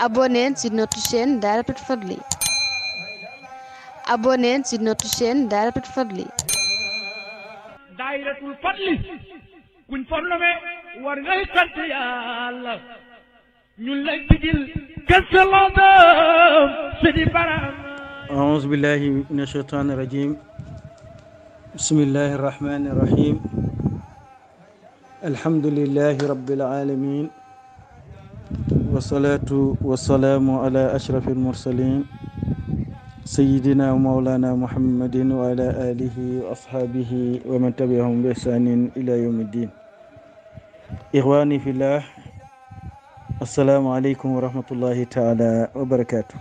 abonnez sur notre chaîne Dahiratoul Fadly abonnez sur notre chaîne Dahiratoul Fadly Dahiratoul Fadly kuñ fornome war ngay sant Yàlla ñun la digil gëstaloodam sidi baram أعوذ بالله من الشيطان الرجيم بسم الله الرحمن الرحيم الحمد لله رب العالمين wasalaatu wasalaamu ala ashrafi almursalin sayidina mawlana muhammadin wa ala alihi wa ashaabihi wa man tabiahum bi ihsanin ila yawmi ddin ixwani fillah asalaamu aleykum wa rahmatullahi taala wa barakaatu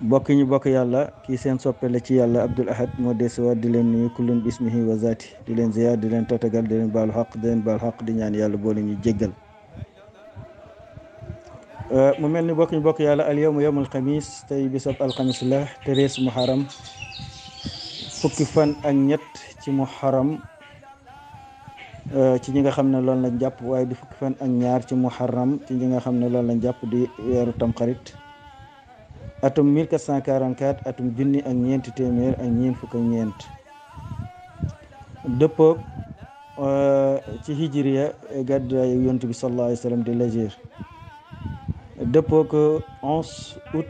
bokk ñu bokk yàlla kii seen soppe la ci yàlla abdul ahad moo desewaat di leen nuyu kullum bismihi wa zaati di leen ziyaar di leen tatagal di leen baalu xaq di leen baalu xaq di ñaan yàlla boole ñu jéggal Euh, mu mel ni bokk ñu bokk yàlla al yawma yawmul xamis tey bisab alxamis la terees muharam fukki fan ak ñett ci muharam euh, ci ñi nga xam ne loolu lañ jàpp waaye fukki fan ak ñaar ci muharam ci ñi nga xam ne loolu lañ jàpp di weeru tamxarit atum 1444 atum junni ak ñeenti téeméer ak ñeent fukk ak ñeent dëppoog euh, ci hijriya gàddaayu yontu bi sallallahu alayhi wa sallam dëppoo ko onze août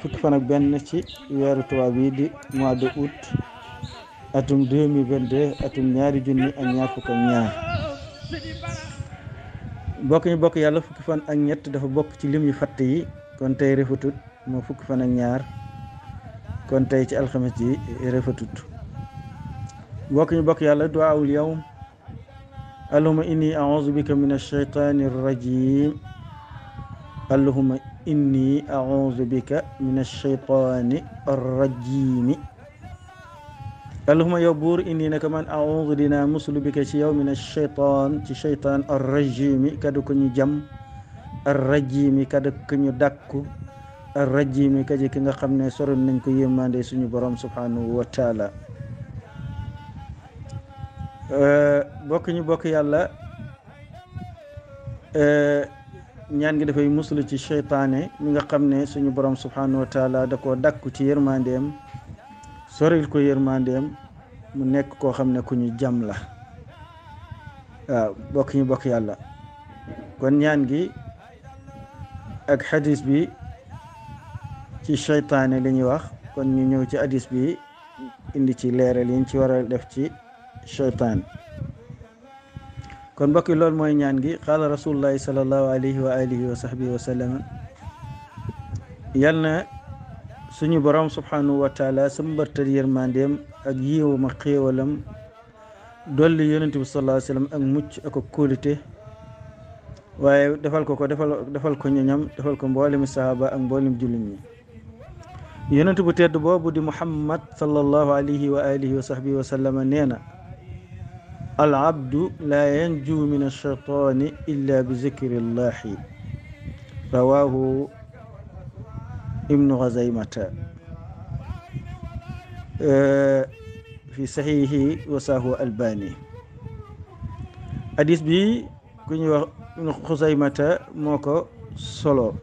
fukki fan benn ci weeru tubaab yi di mois de août atum 2022 atum ñaari junni ak ñaar ak ñaar bokk ñu bokk yàlla fukki fan ak ñett dafa bokk ci lim yu yi kon tey refatut moo fukki fan ak ñaar kon tey ci alxames ji refatut bokk ñu bokk yàlla duwaawul yawm allahuma inni a'uuzu bika min alsheytaani arrajim allahuma inni auzu bika min alcheytaani arrajimi allahuma yow buur inni naka man auzu dinaa muslu bika ci yow min alcheytaan ci cheytaan arrajimi kada ko ñu jam arrajimi kada ko ñu dàkku arrajimi kaji ki nga xam ne soroon nañ ko yémmaande suñu borom subhanahu wa taala euh, bokk ñu bokk yàlla euh, ñaan gi dafay muslu ci seytaane mi nga xam ne suñu borom subhanahu wa taala da koo dàkku ci yërmandeem soril ko yërmandeem mu nekk koo xam ne ku ñu jam la waaw bokk ñu bokk yàlla kon ñaan gi ak xadis bi ci seytaane li ñuy wax kon ñu ñëw ci hadis bi indi ci leeral yiñ ci war def ci seytaan kon mbokk yi loolu mooy ñaan gi xaala rasulullahi salallahu alayhi wa alihi wa sahbihi wa sallam yal na suñu borom subhanahu wa taala sëmbërtal yërmandeem ak yiiwu ma xéewalam dolli yonent bi salallahu wa sallam ak mucc ak kóolite waaye defal ko ko defal defal ko ñoñam defal ko mboolemi sahaaba ak mboolim jullit ñi yonent bu tedd boobu di muhammad salallahu alayhi wa alihi wa sahbihi wa sallama nee na al abdu laa yanju min alcheytaani illa bi zikri llahi rawahu ibnu gazaymata eh, fi saxiihi wasaahu albani hadis bi ku ñuy wax ibnu xusaymata moo ko solo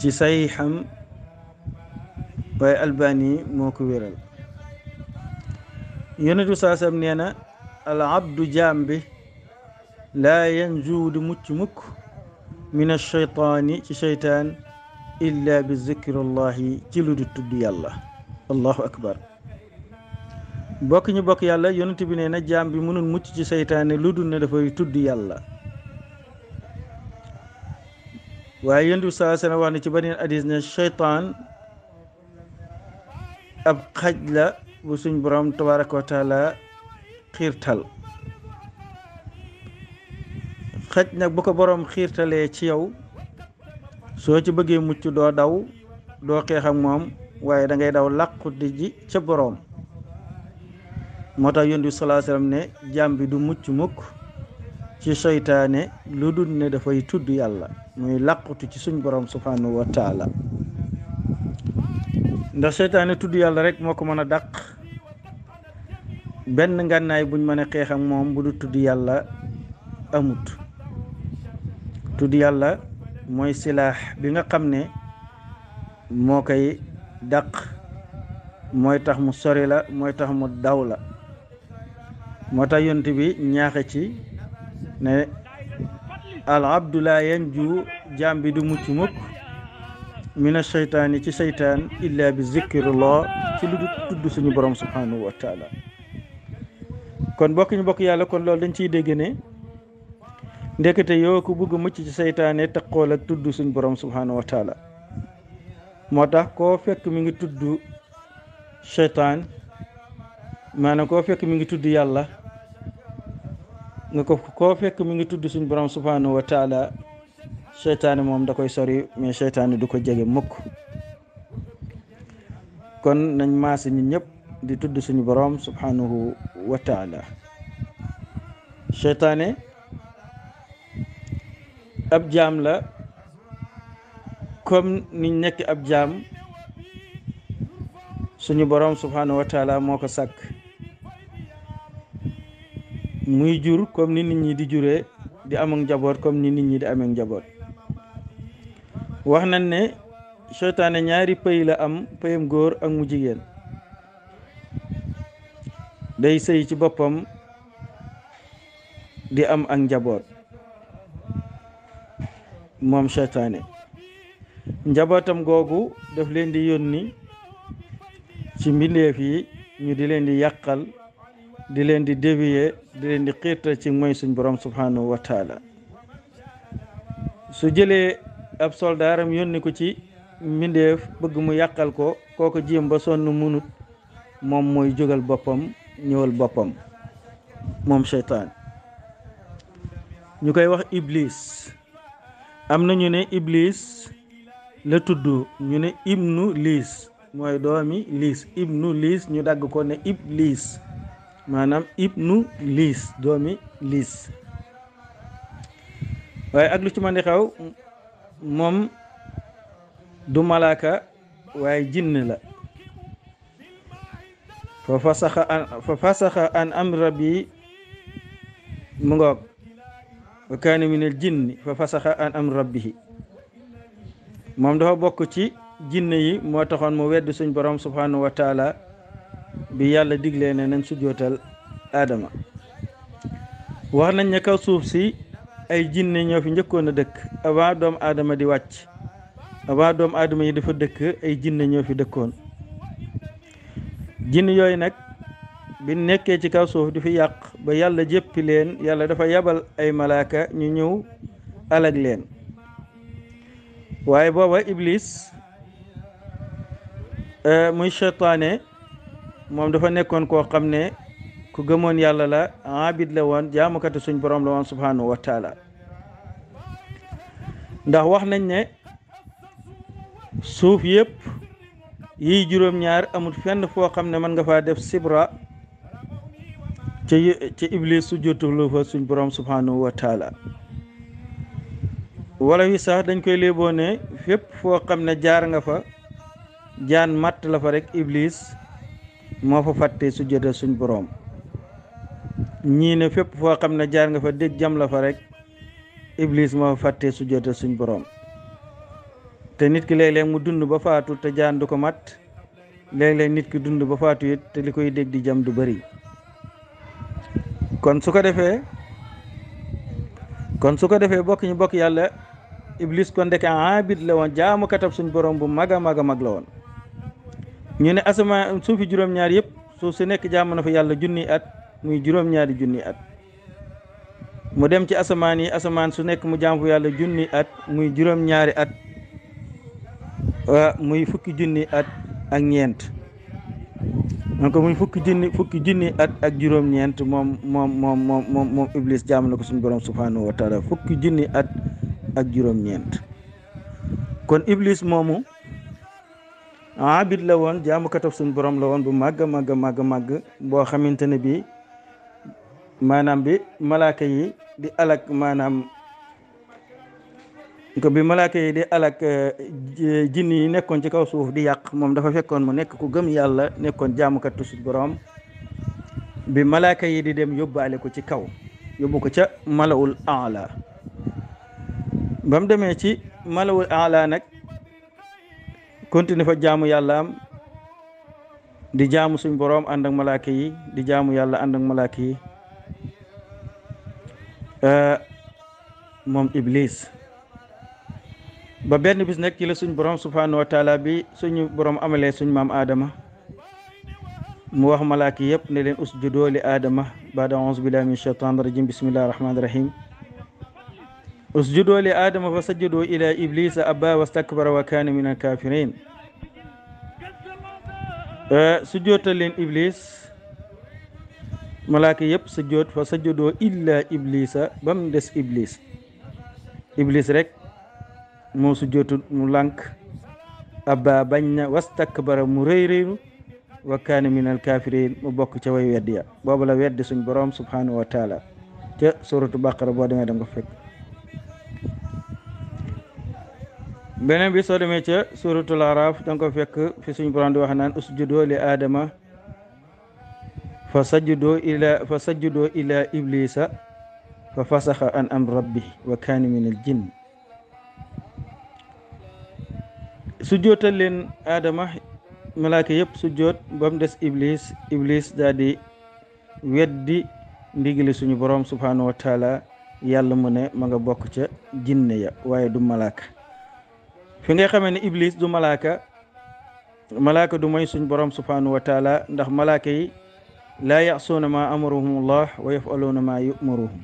ci saxiixam waaye albani moo ko wéral yonent bi saa sallam nee na al abdu mucc mukk min asheytaani ci sheytaan illa bi zikrillahi ci lu di tudd yàlla allahu akbar bokk ñu bokk yàlla yonent bi nee na jaam bi mënul mucc ci seytaane lu dul ne dafay tudd yàlla waaye yonent bi saa ci beneen hadis ne sheytaan ab xaj bu suñ borom tabaraka wa taala xiirtal xaj nag bu ko boroom xiirtalee ci yow soo ci bëggee mucc doo daw doo xeex moom waaye da ngay daw làquti ji ca borom moo tax yonent bi ne jaam bi du mucc mukk ci seytaane lu dul ne dafay tudd yàlla muy làqutu ci suñ boroom subhanahu wa ndax seytaane tudd yàlla rek moo ko mën dàq benn ngànnaay buñ mën a xeex moom bu du tudd yàlla amut tudd yàlla mooy silaax bi nga xam ne moo koy dàq mooy tax mu sori la mooy tax mu daw la moo tax yont bi ñaaxe ci ne al abdu laa yanju jaam bi du mucc mukk mina yi ci seytaan illa bi zikrillah ci lu du tudd suñu borom subhanahu wa kon bokk ñu bokk yàlla kon loolu dañ ciy dégg ne ndekete yoo ku bugg mucc ci seytaane taqool ak tudd suñ borom subhanahu wa taala moo tax koo fekk mi ngi tudd seytaan maanaam koo fekk mi ngi tudd yàlla nga ko koo fekk mu ngi tudd suñ borom subhanahu wa taala seytaane moom da koy sori mais seytaane du ko jege mukk kon nañ maase ñun ñëpp di tudd suñu borom subhanahu wa taala seytaane ab jaam la comme ni nekk ab jaam suñu borom subhanahu wa taala moo ko sàkk muy jur comme ni nit ñi di juree di am ak njaboot comme ni nit ñi di amee njaboot wax nañ ne seytaane ñaari pëy la am pëyam góor ak mu jigéen day sëy ci boppam di am ak njaboot moom seytaane njabootam googu daf leen di yónni ci mbindeef yi ñu di leen di yàqal di leen di dévier di leen di xiirtal ci mooy suñ borom subhanahu wa su jëlee ab soldaaram yónni ko ci mbindeef bëgg mu yàqal ko kooko jéem ba sonn munut moom mooy jógal boppam ñëwal boppam moom seytaan ñu koy wax iblis am na ñu ne ibliis la tudd ñu ne ibnu liis mooy doomi liis ibnu liis ñu dagg ko ne iblis maanaam ibnu liis doomi liis waaye ak lu ci mën di xew moom du malaaka waaye jinn la fa fasaxa an fa fasaxa an am rabbi mu ngoog wa kaana jinni fa fasaxa an am rabbihi moom dafa bokk ci jinne yi moo taxoon mu wedd suñ borom subhanahu wa bi yàlla digle ne nañ sujjootal aadama wax nañ ne kaw suuf si ay jinne ñoo fi njëkkoon a dëkk avant doomu aadama di wàcc avant doomu aadama yi dafa dëkk ay jinne ñoo fi dëkkoon jinn yooyu nag bi nekkee ci kaw suuf di fi yàq ba yàlla jéppi leen yàlla dafa yabal ay malaaka ñu ñëw alag leen waaye booba iblis euh, muy cheytaane moom dafa nekkoon koo xam ne ku gëmoon yàlla la abid la woon jaamukati suñ borom la woon subhanahu wa ndax wax nañ ne suuf yëpp yii juróom-ñaar amul fenn foo xam ne mën nga faa def sibra ca ca iblis fa suñ borom subhanahu wa taala wala wi sax dañ koy léeboo ne fépp foo xam ne jaar nga fa jaan matt la fa rek iblis moo fa fàtte su jota suñ boroom ñii ne fépp foo xam ne jaar nga fa dégg jam la fa rek iblis moo fa fàtte su jota suñ borom te nit ki léeg-léeg mu dund ba faatu te jaan du ko mat léeg-léeg nit ki dund ba faatu it te li koy dégg di jam du bari kon su ko defee kon su ko defee bokk ñu bokk yàlla iblis kon ndeke abid la woon jaamu katab suñ borom bu mag a mag a mag la woon ñu ne asamaan suufi juróom-ñaar yëpp suuf si nekk jaamu na fa yàlla junni at muy juróom-ñaari junni at mu dem ci asamaan yi asamaan su nekk mu jaamu fa yàlla junni at muy juróom-ñaari at muy fukki junni at ak ñeent donc muy fukki junni fukki junni at ak juróom-ñeent moom moom Iblis jaam na ko suñu borom subhanahu wa taala fukki junni at ak juróom-ñeent kon Iblis moomu abid la woon jaamukatab suñu borom la woon bu màgg a mag màgg màgg boo xamante ne bii maanaam bi malaaka yi di alak maanaam ko bi malaaka yi di alak eh, eh, jinni yi nekkoon ci kaw suuf di yàq moom dafa fekkoon mu nekk ku gëm yàlla nekkoon jaamukat tusit borom bi malaaka yi di dem yóbbaale ko ci kaw yóbbu ko ca malawul ala ba demee ci malawul ala nag continue fa jaamu yàlla am di jaamu suñ boroom ànd ak malaaka yi di jaamu yàlla ànd ak malaaka yi eh, moom iblis ba benn bis nag ci la borom subhanahu wa taala bi suñu borom amalee suñ maam aadama mu wax malaaka yëpp ne leen usjudoo li aadama baada auzu billahi min shaitan rajim bismillahi rahmani rahim usjudoo li aadama fa sajadoo ila iblisa abba wastakbara wa kaana min alkafirin eh, sujjootal leen iblis malaaka yëpp sujjoot fa sajadoo illa iblisa ba mu des iblis iblis rek moo su jotul mu lànk abba bañ na wastakbara mu rëy rëylu wa kaana min alkafirin mu bokk ca way weddi ya boobu la weddi suñ borom subhanahu wa taala ca suratu baqara boo demee danga ko fekk beneen bi soo demee ca suratul araf danga ko fekk fi suñ borom di wax naan usjudo li aadama fa sajudoo ila fa ila iblisa fa fasaxa an am rabbi wa kaana min al jinn sujjootal leen aadama malaaka yëpp sujjoot ba mu des iblis iblis daal di weddi ndigali suñu borom subhanahu wa yàlla mu ne ma nga bokk ca jinne ya waaye du malaaka fi nga xamee ne iblis du malaaka malaaka du mooy suñu borom subhanahu wa ndax malaaka yi laa yasuuna ma amaruhum allah wa yafaluuna ma yumaruhum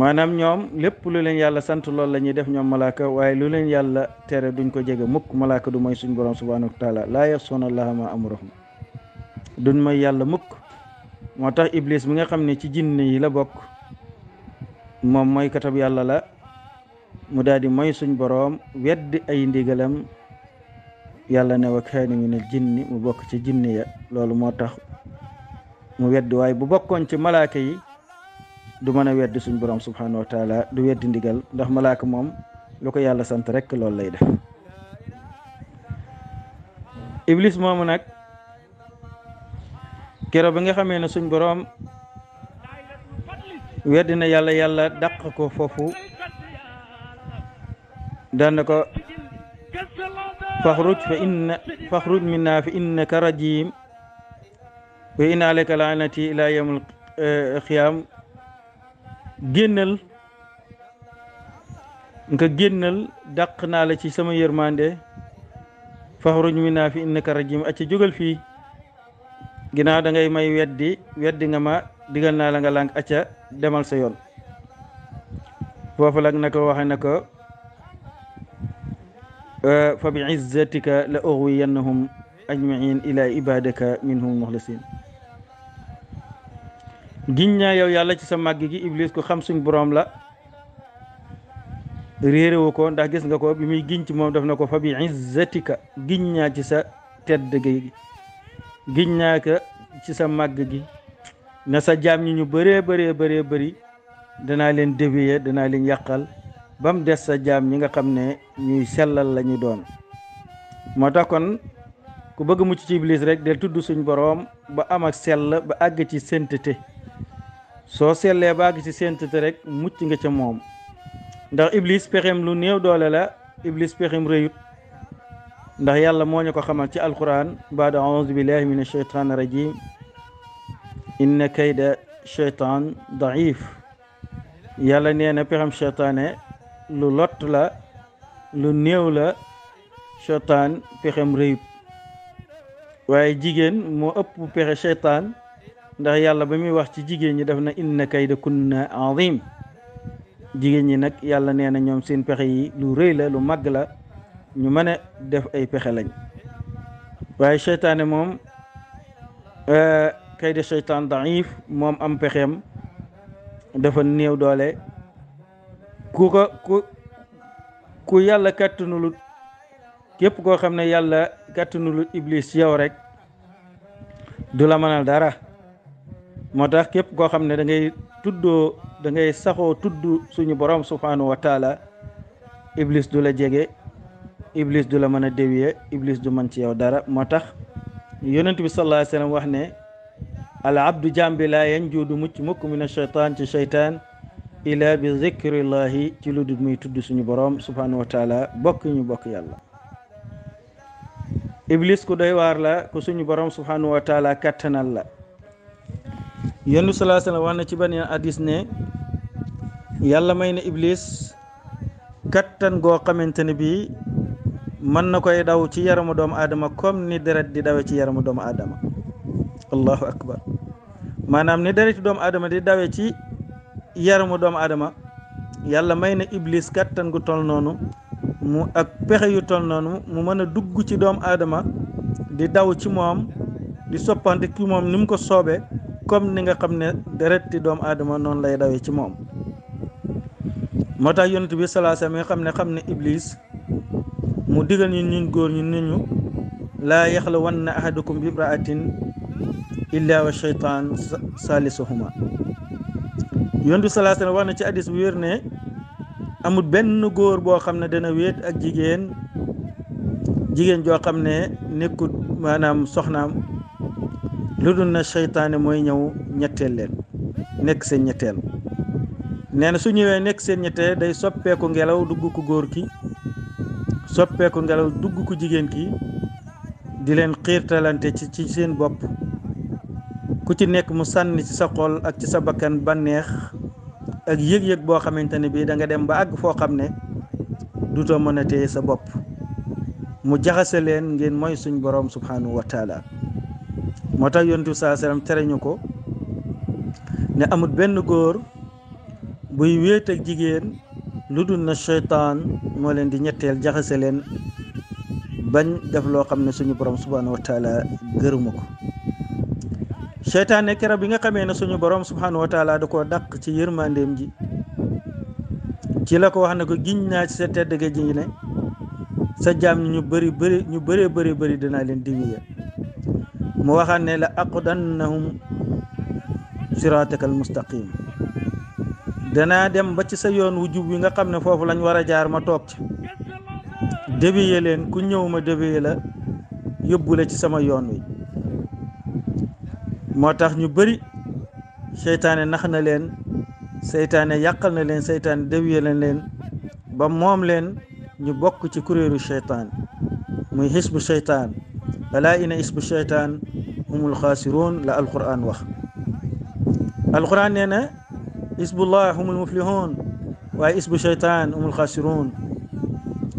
maanaam ñoom lépp lu leen yàlla sant loolu la ñuy def ñoom malaaka waaye lu leen yàlla tere duñ ko jege mukk malaaka du mooy suñ borom subhanahu wa taala laa yaxsoona allaha ma amrahum duñ mooy yàlla mukk moo tax ibliis mi nga xam ne ci jinne yi la bokk moom mooy katab yàlla la mu daal moy suñ boroom weddi ay ndigalam yàlla ne wa kaani ne al jinni mu bokk ci jinne ya loolu moo tax mu weddi waaye bu bokkoon ci malaaka yi du mën a weddi suñ borom subhanahu wa du weddi ndigal ndax malaaka moom lu yàlla sant rek loolu lay def iblis moomu nag kero bi nga xamee ne suñ borom weddi na yàlla yàlla dàq ko foofu daan na ko faxruj fa inna faxruj minna fa innaka rajim wa inna alayka laanati ila yawmil qiyaam génnal nga génnal dàq naa la ci sama yërmande faxruj mi naa fi innaka rajim acca jógal fii ginnaaw da ngay may weddi weddi nga ma digal naa la nga lànk acca demal sa yoon foofu lag na ko waxe na ko eh, fa izzatika la ughwiyannahum ajmain ila ibadaka minhum muxlisin giñ naa yow yàlla ci sa màgg gi iblis ku xam suñ boroom la réeré ko ndax gis nga ko bi muy giñ ci moom def na ko fa bi izzatika giñ naa ci sa tedd gi giñ naa ka ci sa màgg gi na sa jaam ñi ñu bëree bëree bëree bëri danaa leen dévier danaa leen yàqal ba mu des sa jaam ñi nga xam ne ñuy sellal lañuy ñu moo tax kon ku bëgg mucc ci iblis rek del tudd suñ boroom ba am ak sell ba àgg ci sainteté soo sellee baa gis ci séentite rek mucc nga ca moom ndax iblis pexem lu néew doole la iblis pexem réyut ndax yàlla moo ñu ko xamal ci alquran baada aoudu billahi min asheytan rajim inna kayda cheytan daif yàlla nee na pexem cheytaane lu lott la lu néew la cheytaan pexem réyut waaye jigéen moo ëpp pexe cheytaan ndax yàlla ba muy wax ci jigéen ñi def na indi na inna kayda kunna azim jigéen ñi nag yàlla nee na ñoom seen pexe yi lu rëy la lu màgg la ñu mën a def ay pexe lañ waaye seytaane moom euh, kayda seytaan daif moom am pexeem dafa néew doole ku ku ku yàlla kàttanulu képp koo xam ne yàlla kàttanulu iblis yow rek du la mënal dara moo tax képp koo xam ne dangay ngay tuddoo da ngay saxoo tudd suñu borom subhanahu wa taala du la jege iblis du la mën a déwiye iblis du mën ci yaw dara moo tax yonent bi sallallahu alayhi wa wax ne al abdu jambi laa yanju du mucc mukk min asheytaan ci cheytaan ila bi zikrillahi ci lu dul muy tudd suñu borom subhanahu wa taala bokk ñu bokk yàlla iblis ku doy waar la ku suñu borom subhanahu wa taala la yenn salaa salaam wax na ci beneen hadis ne yàlla may na iblis kattan goo xamante ne bii mën na koy daw ci yaramu doomu aadama comme ni deret di dawe ci yaramu doomu aadama allahu akbar maanaam ni dereti doomu aadama di dawee ci yaramu doomu aadama yàlla may na iblis kattan gu tol noonu mu ak pexe yu tol noonu mu mën a dugg ci doomu aadama di daw ci moom di soppante ki moom ni mu ko soobee comme ni nga xam ne deret di doomu aadama noonu lay dawee ci moom moo tax yonent bi salaasa mi nga xam ne xam ne iblis mu digal ñu ñun góor ñu ne ñu laa yaxla wan na ahadukum bi imraatin illa wa shaytaan salisuhuma yonent bi salaasa wax na ci addis bu wér ne amul benn góor boo xam ne dana wéet ak jigéen jigéen joo xam ne nekkut maanaam soxnaam lu dul na seytaane mooy ñëw ñetteel leen nekk seen ñetteel nee na su ñëwee nekk seen ñetteel day soppeeku ngelaw dugg ku góor ki soppeeku ngelaw dugg ku jigéen ki di leen xiirtalante ci ci seen bopp ku ci nekk mu sànni ci sa xol ak ci sa bakkan bànneex ak yëg-yëg boo xamante ne bii da nga dem ba àgg foo xam ne dutoo mën a téye sa bopp mu jaxase leen ngeen mooy suñ borom subhanahu wa moo tax yontu bi saa salaam tere ñu ko ne amut benn góor buy wéet ak jigéen lu dul na seytaan moo leen di ñetteel jaxase leen bañ def loo xam ne suñu borom subhaanahu wa taala ko seytaan ne keroog bi nga xamee ne suñu borom subhaanahu wa taala da koo dàq ci yërmandeem ji ci la ko wax ne ko giñ naa ci sa tedd ga ji ne sa jaam ñu bari bëri ñu bëree bëri bari dinaa leen diwiye mu waxaat ne la aqudannahum siraataka almustaqim danaa dem ba ci sa yoon wu jub wi nga xam ne foofu lañu war a jaar ma toog ci débiye leen ku ñëw ma débiye la yóbbu la ci sama yoon wi moo tax ñu bëri seytaane nax na leen seytaane yàqal na leen seytaane débiye na leen ba moom leen ñu bokk ci kuréelu seytaan muy xisbu seytaan alaa ina isbu cheytaan humul xaasiruun la alquran wax alquran nee na isbullah humul muflihun waaye isbu cheytaan humul xaasiruun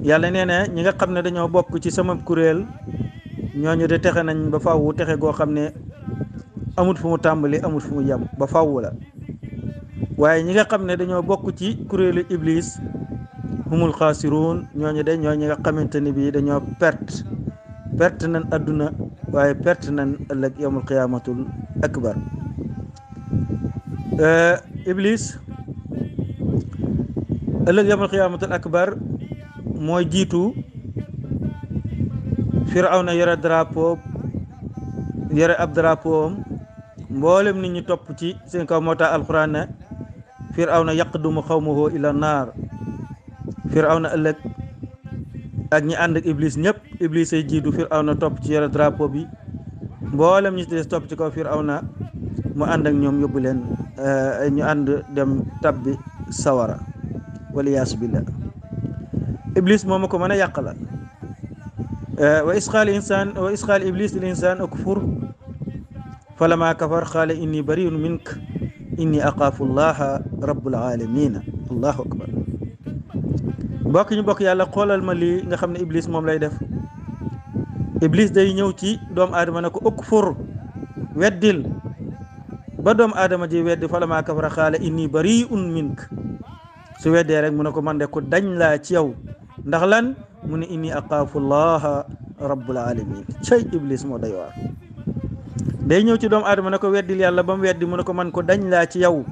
yàlla nee na ñi nga xam ne dañoo bokk ci sama kuréel ñooñu de texe nañ ba fàwwu texe goo xam ne amut fu mu tàmbali amut fu mu yem ba fàwwu waaye ñi nga xam ne dañoo bokk ci kuréelu iblis humul xaasiruun ñooñu de ñoo ñi nga xamante ni bii dañoo pert perte nan adduna waaye perte nan ëllëg yowmul qiyaamatul akbar euh, iblis ëllëg yowmul qiyaamatul akbar mooy jiitu firawna yore drapeau yore ab drapeau mboolem ni ñi topp ci seen kaw moo tax alquran ne firawna yaqdumu xawmahu ila naar firawna ëllëg ak ñi ànd ak iblis ñëpp iblis ay jiitu firawna topp ci yore drapeau bi mboolem ñi ci des topp ci kaw firawna mu ànd ak ñoom yóbbu leen eh, ñu ànd dem tabbi sawara wala yaasu billah iblis moom ko mën a yàq la eh, wa isqaal insaan wa isqaal iblis lil insaan akfur falama kafar xaala inni bariun mink inni aqaafu llaha rabbul alamina akbar mbokk ñu bokk yàlla xoolal ma lii nga xam ne iblis moom lay def iblis day ñëw ci doomu aadama na ko ukfur weddil ba doomu adama ji weddi falamaa kafara xaala inni bariun mink su weddee rek mu ne ko man de ko dañ laa ci yow ndax lan mu ne inni aqaafu llaha rabbul alamin cay iblis moo day waar day ñëw ci doomu aadama ne ko weddil yàlla ba mu weddi mu ne ko man ko dañ laa ci yow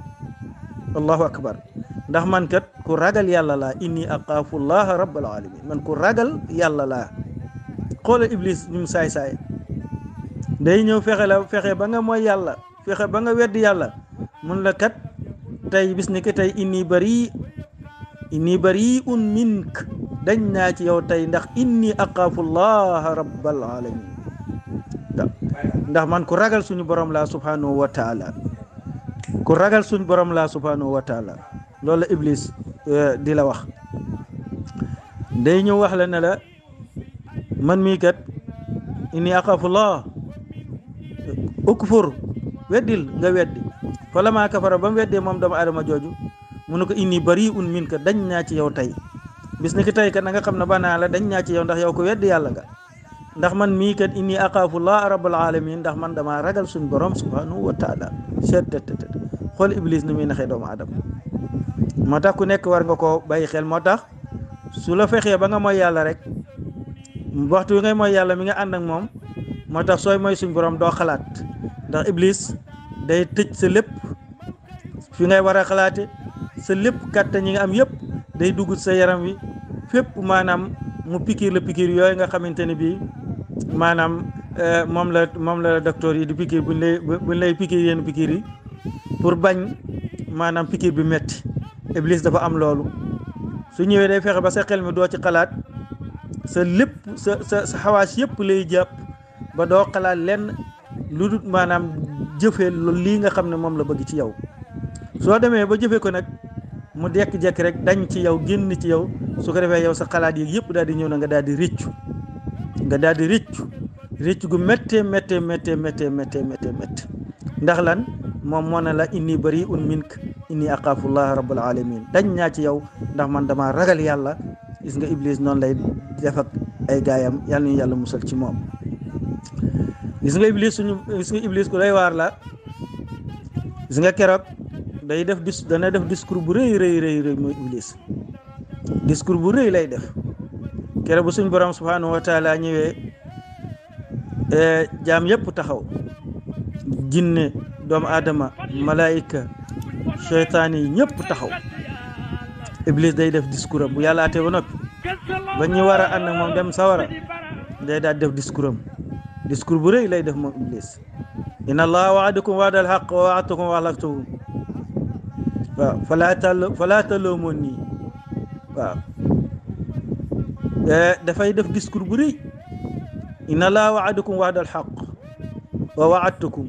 allahu akbar ndax man kat ku ragal yàlla laa inni aqaafu llaha rabbul alamin man ku ragal yàlla laa xoola iblis ñu saay-saay day ñëw fexe la fexe ba nga mooy yàlla fexe ba nga weddi yàlla mun la kat tey bis ni ki tey inni bari inni bari un mink dañ naa ci yow tey ndax inni aqaafullaha rabbal alamin ndax man ku ragal suñu borom laa subhanahu wa taala ku ragal suñu borom laa subhanahu wa taala loolu la euh, di la wax day ñëw wax la ne la man mii kat inni axaafullah ukfur weddil nga weddi fa la maa kafara ba mu weddee moom doomu aadama jooju mu ne ko inni bari un min ka dañ naa ci yow tey bis ni ki tey kat na xam ne banaa la dañ naa ci yow ndax yow ko weddi yàlla nga ndax man mii kat inni axaafullah rabbul alamin ndax man dama ragal suñ borom subhanahu wa taala seet xool iblis ni muy naxee doomu aadama moo tax ku nekk war nga ko bàyyi xel moo tax su la fexee ba nga mooy yàlla rek waxtu wi ngay mooy yàlla mi nga ànd ak moom moo tax sooy mooy suñ borom doo xalaat ndax iblis day tëj sa lépp fi ngay war a xalaate sa lépp kàttan yi nga am yëpp day dugg sa yaram wi fépp maanaam mu pikiir la pikiir yooyu nga xamante ne bii maanaam euh, moom la moom la docteur yi di pikiir buñ lay buñ lay pikiir yenn pikiir yi pour bañ maanaam pikiir bi metti iblis dafa am loolu su ñëwee day fexe ba sa xel mi doo ci xalaat sa lépp sa sa xawaas yëpp lay jàpp ba doo xalaat lenn lu dul maanaam jëfee loolu lii nga xam ne moom la bëgg ci yow soo demee ba jëfee ko nag mu dekk-jekk rek dañ ci yow génn ci yow su ko defee yow sa xalaat yi yëpp daal di ñëw na nga daal di rëccu nga daal di rëccu rëccu gu mettee méttee méttee méttee méttee méttee méttee ndax lan moom moo na la inni bari un mink inni aqaafullaah rabbul alamin dañ ñaa ci yow ndax man dama ragal yàlla gis nga iblis noonu lay def ay gaayam yàlla ñu yàlla musal ci moom gis nga iblis suñu gis nga iblis ku lay waar la gis nga keroog day def dis dana def discours bu rëy rëy rëy rëy mooy iblis discours bu rëy lay def keroog bu suñ borom subhanahu wa taala ñëwee e, jaam yëpp taxaw jinne doomu aadama malaayika seytaan yi ñëpp taxaw iblis day def discours am bu yàlla atee ba noppi ba ñu war a ànd moom dem sawara day daal def discours am lay def moom iblis inna allaha waadakum waada alxaq wa waadtukum wa axlaftukum eh, dafay def discours bu rëy inna allaha waadakum waada alxaq wa waadtukum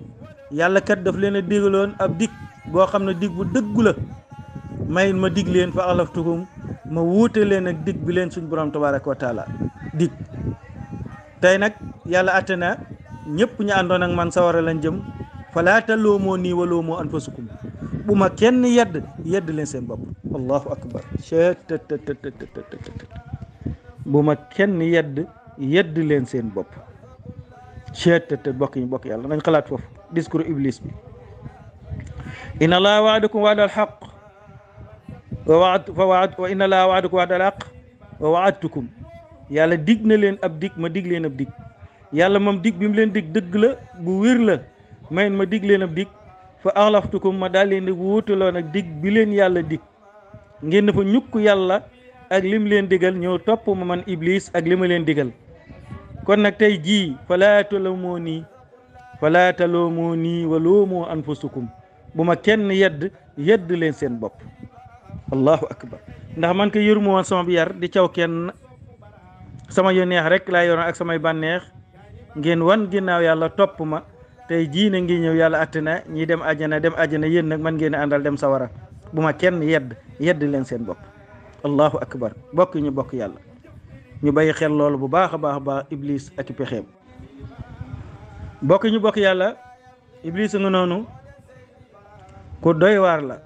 yàlla kat daf leen a digaloon ab dig boo xam ne dig bu dëggu la may ma dig leen fa axlaftukum ma wuute leen ak dig bi leen suñ borom tabaraka wa taala dig tey nag yàlla atte na ñëpp ñu àndoon man sawara lañ jëm falaata loomoo nii wa loomoo anfasukum bu ma kenn yedd yedd leen seen bopp allahu akbar cettttt bu ma kenn yedd yedd leen seen bopp cettt bokk ñu bokk yàlla nañ xalaat foofu discours iblis bi inna allaha waadakum waadal xaq wa waat fa waat wa inna laa waadako waat yàlla dig na leen ab dig ma dig leen ab dig yàlla moom dig bi mu leen dig dëgg la bu wér la mayen ma dig leen ab dig fa axlaftukum ma daal leen di wóotaloon ak dig bi leen yàlla dig ngeen dafa ñukk yàlla ak li mu leen digal ñëw topp ma man iblis ak li ma leen digal kon nag tey jii falaa taloomoo nii falaa taloomoo nii wa loomoo sukkum bu ma kenn yedd yedd leen seen bopp allahu akbar ndax man ko yëruma woon sama bi di caw kenn sama yu neex rek laa yoroon ak samay bànneex ngeen wan ginnaaw yàlla topp ma tey jii na ngi ñëw yàlla àtte na ñi dem àjjana dem àjjana yéen nag man ngeen àndal dem sawara bu ma kenn yedd yedd leen seen bopp allahu akbar bokk ñu bokk yàlla ñu bàyyi xel loolu bu baax a baax a baax iblis ak pexeem bokk ñu bokk yàlla iblis nga noonu ku doy waar la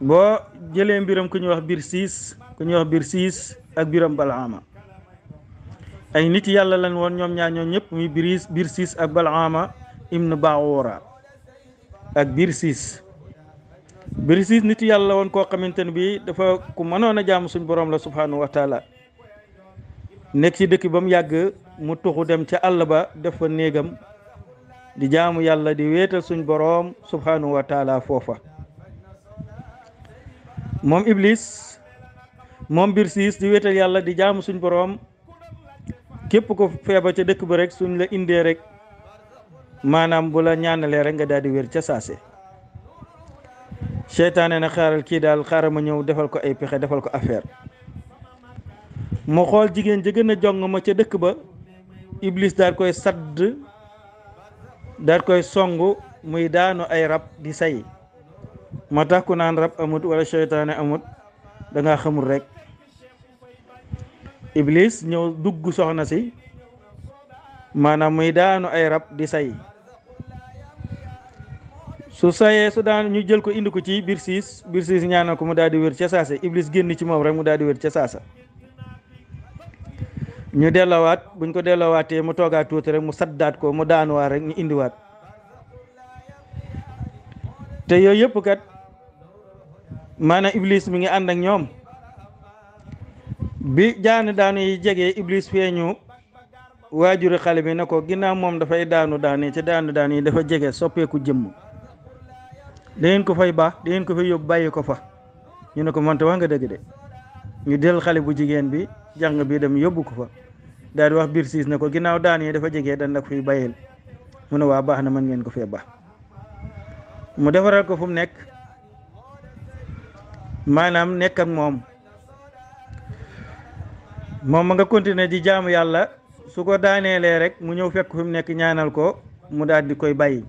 boo jëlee mbiram ku ñuy wax biir siis ku ñuy wax biir siis ak biram balaama ay nit yàlla lañ woon ñoom ñaar ñoom ñëpp muy biris biir siis ak balaama ibn baawora ak biir siis biir nit yàlla woon koo xamante ne bi dafa ku mënoon a jaamu suñ borom la subhanahu wa nekk ci dëkk ba mu yàgg mu tuxu dem ca àll ba def fa néegam di jaamu yàlla di wéetal suñ boroom subhanahu wa foofa moom iblis moom biir siis di wéetal yàlla di jaamu suñ boroom képp ko feebar ca dëkk ba rek suñ la indee rek maanaam bu la ñaanalee rek nga daal di wér ca saase seytaane na xaaral kii daal xaaral ma ñëw defal ko ay pexe defal ko affaire mu xool jigéen ja gën a jong ma ca dëkk ba iblis daal koy sadd daal koy song muy daanu ay rab di say moo tax ku naan rab amut wala seytaane amut da ngaa xamul rek iblis ñëw dugg soxna si maanaam muy daanu ay rab di say su sayee su daan ñu jël ko indi ko ci biir siis biir siis ñaanal ko mu daal di wér ca saasa iblis génn ci moom rek mu daal di wér ca saasa ñu dellowaat buñ ko dellowaatee mu toogaat tuuti rek mu sat daat ko mu daanuwaat rek ñu indiwaat te yooyu yëpp kat maanaam iblis mi ngi ànd ak ñoom bi jaani daanu yi jegee iblis feeñu waajuri xale bi ne ko ginnaaw moom dafay daanu daan ca te daanu daan yi dafa jege soppeeku jëmm dangeen ko fay baax dangeen ko fay yóbbu bàyyi ko fa ñu ne ko mante wax nga dëgg de ñu del xale bu jigéen bi jàng bi dem yóbbu ko fa daa di wax biir siis ne ko ginnaaw daan yi dafa jege dan la ko mu ne waa baax na mën ngeen ko fee baax mu defaral ko fu mu nekk maanaam nekk ak moom moom ma nga continuer di jaamu yàlla su ko daaneelee rek mu ñëw fekk fi mu nekk ñaanal ko mu daal di koy bàyyi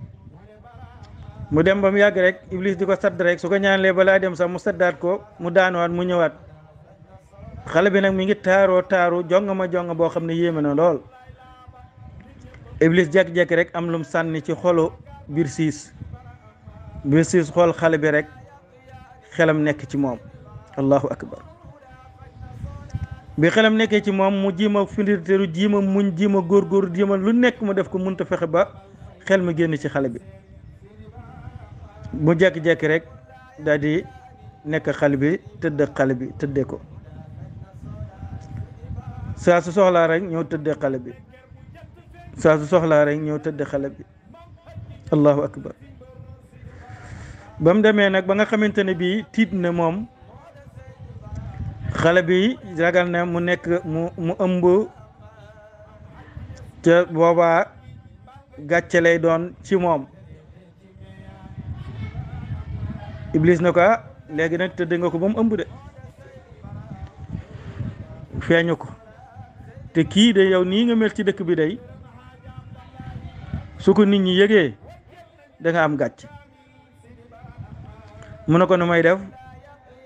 mu dem ba mu yàgg rek iblis di ko sadd rek su ko ñaanalee balaa dem sax mu saddaat ko mu daanowaat mu ñëwaat xale bi nag mi ngi taaroo taaru jongama ma jonga boo xam ne yéeme na lool iblis jekk-jekk rek am lum sànni ci xoolu biir siis biir xool xale bi rek xelam nekk ci moom allahu akbar bi xelam nekkee ci moom mu ma findirteeru jiima muñ jiima góorgóor jiima lu nekk ma def ko mënta fexe ba xel mu génn ci xale bi mu jekki-jekki rek daal di nekk xale bi tëdd xale bi tëddee ko saa su soxlaa rek ñëw tëdd xale bi saa su soxlaa rek ñëw tëdd xale bi allahu akbar ba mu demee nag ba nga xamante ne bii tiit na moom xale bi ragal na mu nekk mu mu ëmb ca boobaa gàcce lay doon ci moom Iblis na ko ah, léegi nag tëdd nga ko ba mu ëmb de feeñu ko te kii de yow nii nga mel ci dëkk bi day su ko nit ñi yëgee da am gàcc mu ne ko nu may def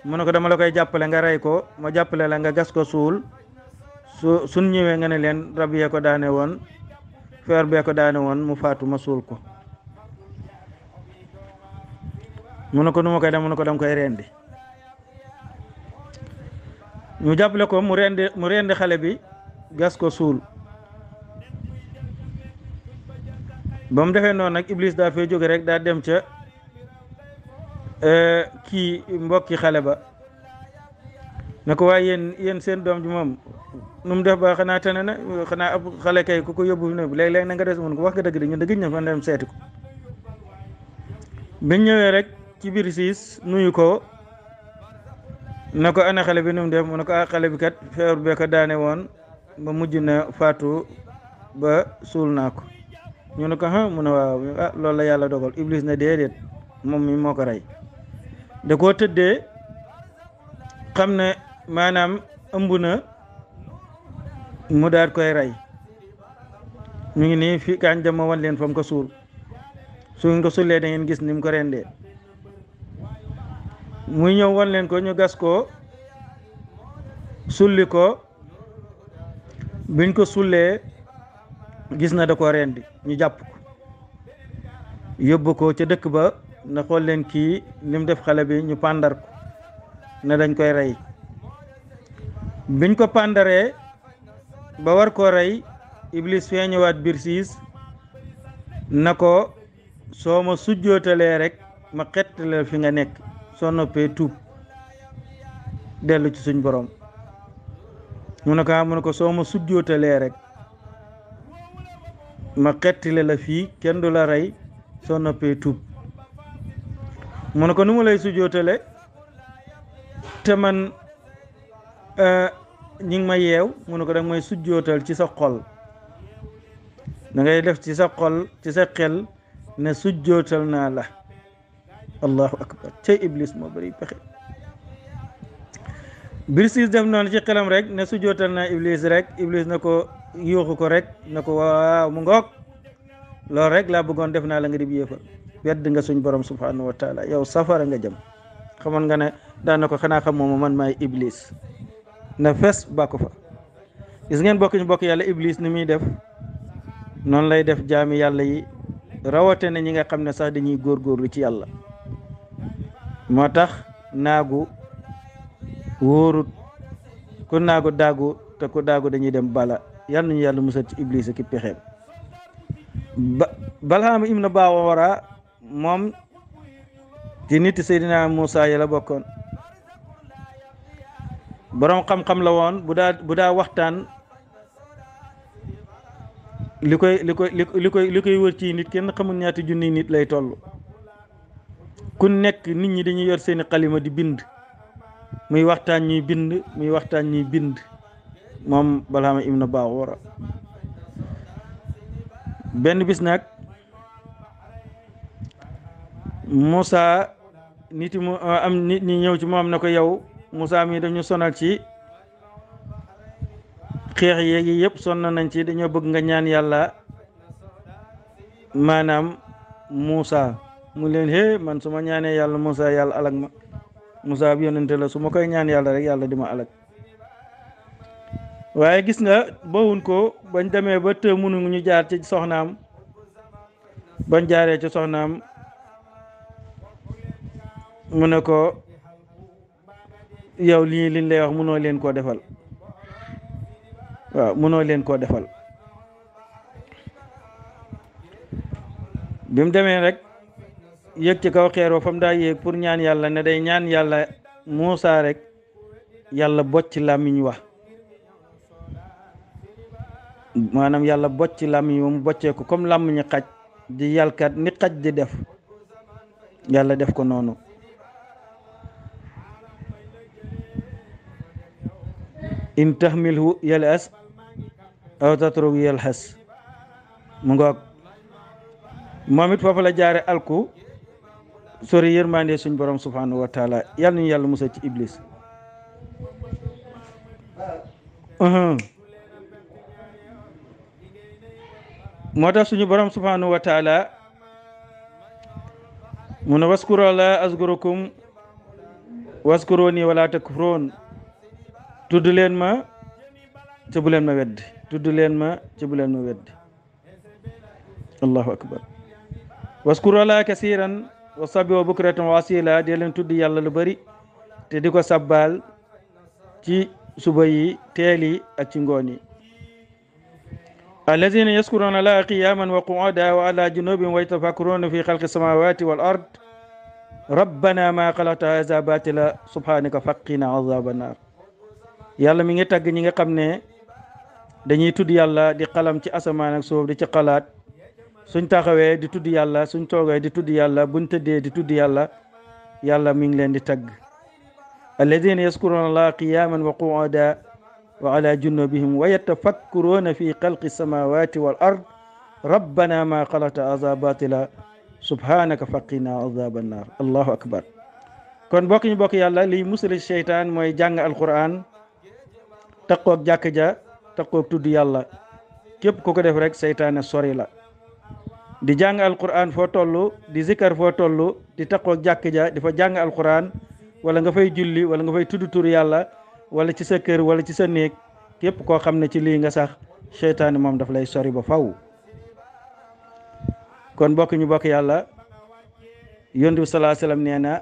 mu ne ko dama la koy jàppale nga rey ko moo jàppale la nga gas ko suul su suñ ñëwee nga ne leen rab ko daane woon feer bee ko daane woon mu faatu ma suul ko mun ne ko nu koy def mu ne ko dama koy rendi mu jàppale ko mu rendi mu rendi xale bi gas ko suul ba mu defee noonu nag Iblis daa fay jóge rek daa dem ca Eh, kii mbokki xale ba ne ko waaye yéen yéen seen doom ji moom nu mu def ba xanaa tane na xanaa ab xale kay ku ko yóbbu ne léeg-léeg na nga des ko wax nga dëgg de ñun dëgg ñu fa dem seeti ko ñëwee rek ci biir siis nuyu ko na ko ana xale bi nu mu def mu ne ko ah xale bi kat feebar bee daane woon ba mujj na faatu ba suul naa ko ñu ne ko ah mu ne waaw ah loolu la yàlla dogal iblis na déedéet moom mi moo ko rey da koo tëddee xam ne maanaam ëmb na mu daat koy rey mu ngi nii fii kaan jama wan leen fa ko suul su ngeen ko suulee da ngeen gis ni mu ko rendee muy ñëw wan leen ko ñu gas ko sulli ko biñ ko sullee gis na da ko rendi ñu jàpp ko yóbbu ko ca dëkk ba ne xool leen kii li def xale bi ñu pàndar na dañ koy rey biñ ko pàndaree ba war ko rey iblis feeñëwaat biir siis na ko soo ma sujjootalee rek ma xettaleel fi nga nekk soo noppee dellu ci suñ borom mu ne ko ah, mu ko soo ma sujjootalee rek ma la fii kenn du la rey soo noppee tuub mu ne ko nu mu lay sujjootale te man e, ñi ngi ma yeew mu ne ko danga may sujjootal ci sa xol da def ci sa ci sa xel ne sujjootal naa la allahu akbar cay iblis moo bëri pexe Birsiis def noonu ci xelam rek ne sujjootal naa iblis rek iblis na ko yuuxu ko rek na ko waaw mu ngoog loolu rek laa buggoon def naa la nga dib wedd nga suñ borom subhanahu wa taala yow safara nga jëm xamoon nga ne daana ko xanaa xam mooma man maay iblis na fes bàkku fa gis ngeen bokk bokk yàlla iblis ni muy def noonu lay def jaami yàlla yi rawate na ñi nga xam ne sax dañuy góorgóorlu ci yàlla moo tax naagu wóorut ku naagu daagu te ku daagu dañuy dem bala yàlla nañu yàlla musal ci iblis ak i pexeem ba balhaam im na baawara moom ci nit Seydina Moussa yi la bokkoon boroom xam-xam la woon bu daa waxtaan li koy li koy li koy wër ci nit kenn xamul ñaati junniy nit lay toll ku nekk nit ñi dañuy yor seeni xalima di bind muy waxtaan ñuy bind muy waxtaan ñuy bind moom Balhama ibn Baawura benn bis Moussa nit mu euh, am nit ñi ñëw ci am na ko yow Moussa mii dañu sonal ci xeex yeegi yëpp na nañ ci dañoo bëgg nga ñaan yàlla maanaam Moussa mu leen hee man su ma ñaanee yàlla musaa yàlla alag ma Moussa ab yonente la su ma koy ñaan yàlla rek yàlla di ma alag waaye gis nga bawun ko bañ demee ba të mënu ñu jaar ci soxnaam bañ jaaree ci soxnaam mu ne ko yow lii liñ lay wax mënoo leen koo defal waaw leen koo defal bi mu demee rek yëg ci kaw xeer wa fa daa yéeg pour ñaan yàlla ne day ñaan yàlla Muusa rek yàlla bocc làmmiñ wa maanaam yàlla bocc làmmiñ wa mu boccee ko comme làmmiñu xaj di yàlkat ni xaj di def yàlla def ko noonu in tahmilhu yalas aw mu ngoog moom it foofu la jaare alku sori yërmande suñ borom subhanahu wa taala yal nañu yàlla musal ci iblis moo tax suñu borom subhanahu wa taala mu ne waskuro la azkurukum waskuro nii wala tudd leen ma ci bu leen ma weddi tudd leen ma ci bu leen ma weddi allahu akbar waskuru laa kasiran wa sabbi wa bukratan wa asila di leen tudd yàlla lu bari te di ko sabbaal ci suba yi teel yi ak ci ngoon yi allazina yaskuruna laa qiyaman wa qu'uda wa ala junubin wa yatafakkaruna fi xalqi samawati wal ard rabbana ma xalaqta haza batila subhanaka faqina azaba annar yàlla mi ngi tagg ñi nga xam ne dañuy tudd yàlla di xalam ci asamaan ak suuf di ci xalaat suñ taxawee di tudd yàlla suñ toogee di tudd yàlla buñ tëddee di tudd yàlla yàlla mi ngi leen di tagg alladina yaskuruna allaha qiyaman wa qu'uda wa ala junubihim wa yatafakkuruna fi xalqi samawati wal ard rabbana ma xalata aza batila subhanaka faqina azaba annar allahu akbar kon bokk ñu bokk yàlla liy musali seytaan mooy jàng alquran taqoog jàkk ja taqoog tudd yàlla képp ku ko def rek seytaane sori la di jàng alquran foo toll di zikkar foo toll di taqoog jàkk ja di fa jàng alquran wala nga fay julli wala nga fay tudd tur yàlla wala ci sa kër wala ci sa néeg képp koo xam ne ci lii nga sax seytaane moom daf lay sori ba faw kon bokk ñu bokk yàlla yonent bi nee na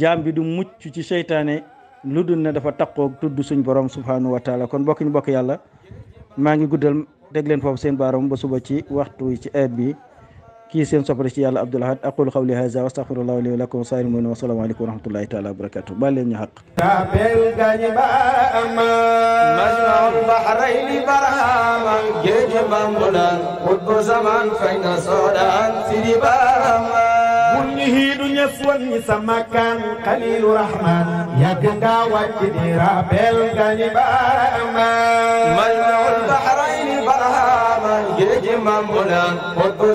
jaam bi du mucc ci seytaane lu dul ne dafa taqoog tudd suñ borom subhanahu wa taala kon bokk ñu bokk yàlla maa ngi guddal dégg leen foofu seen baaram ba suba ci waxtu wi ci heure bi kii seen soppare ci yàlla Abdoul Ahad aqulu qawli haza wa astaghfirullah li wa lakum wa saa'iril mu'minin wa salaamu alaykum wa taala wa barakatuh baal xaq tabel gañ ba ama majma'ul bahrayni barhama géej bambulan xutbu zaman fay soodaan sidi barama mun ñi hiidu ñes won ñi sa makkaan xaliilu rahmaan yàgg nga wàcc di rabel nga ni baama géej mam bu naan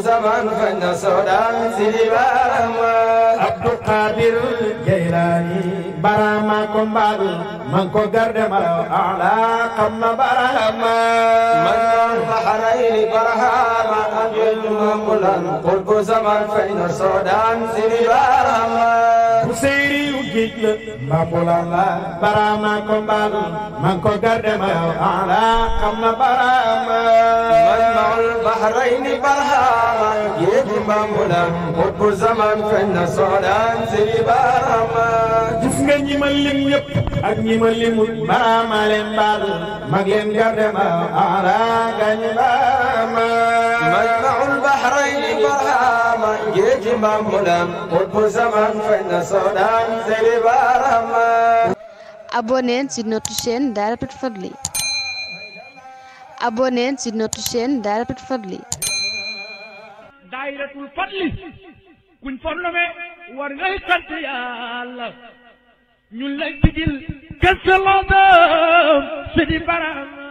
zaman xëy na soodaan si di baama Abdou Qadir Jaylaani barama ko mbaal man ko garde maraw ala xam na barama man noon baharayni barahama am géej mam bu zaman xëy na soodaan si di baama géej la mbambulaan la baraama ko mbaal man ko garde ma yow ala xam na baraama man maul bahrayni barhaama géeji mbambulaan xutbu soodaan siri baraama gis nga ñi ma lim ak ñi ma limul baraama leen mbaal leen garde ma yow ala gañu baraama ci bambu dam xutbu zaman fay na soodaan seri barama abonnez sur notre chaîne Dahiratoul Fadly abonnez sur notre chaîne Dahiratoul Fadly Dahiratoul Fadly kuñ fornome war ngay sant Yàlla ñun lay digil gëstaloo dam seri barama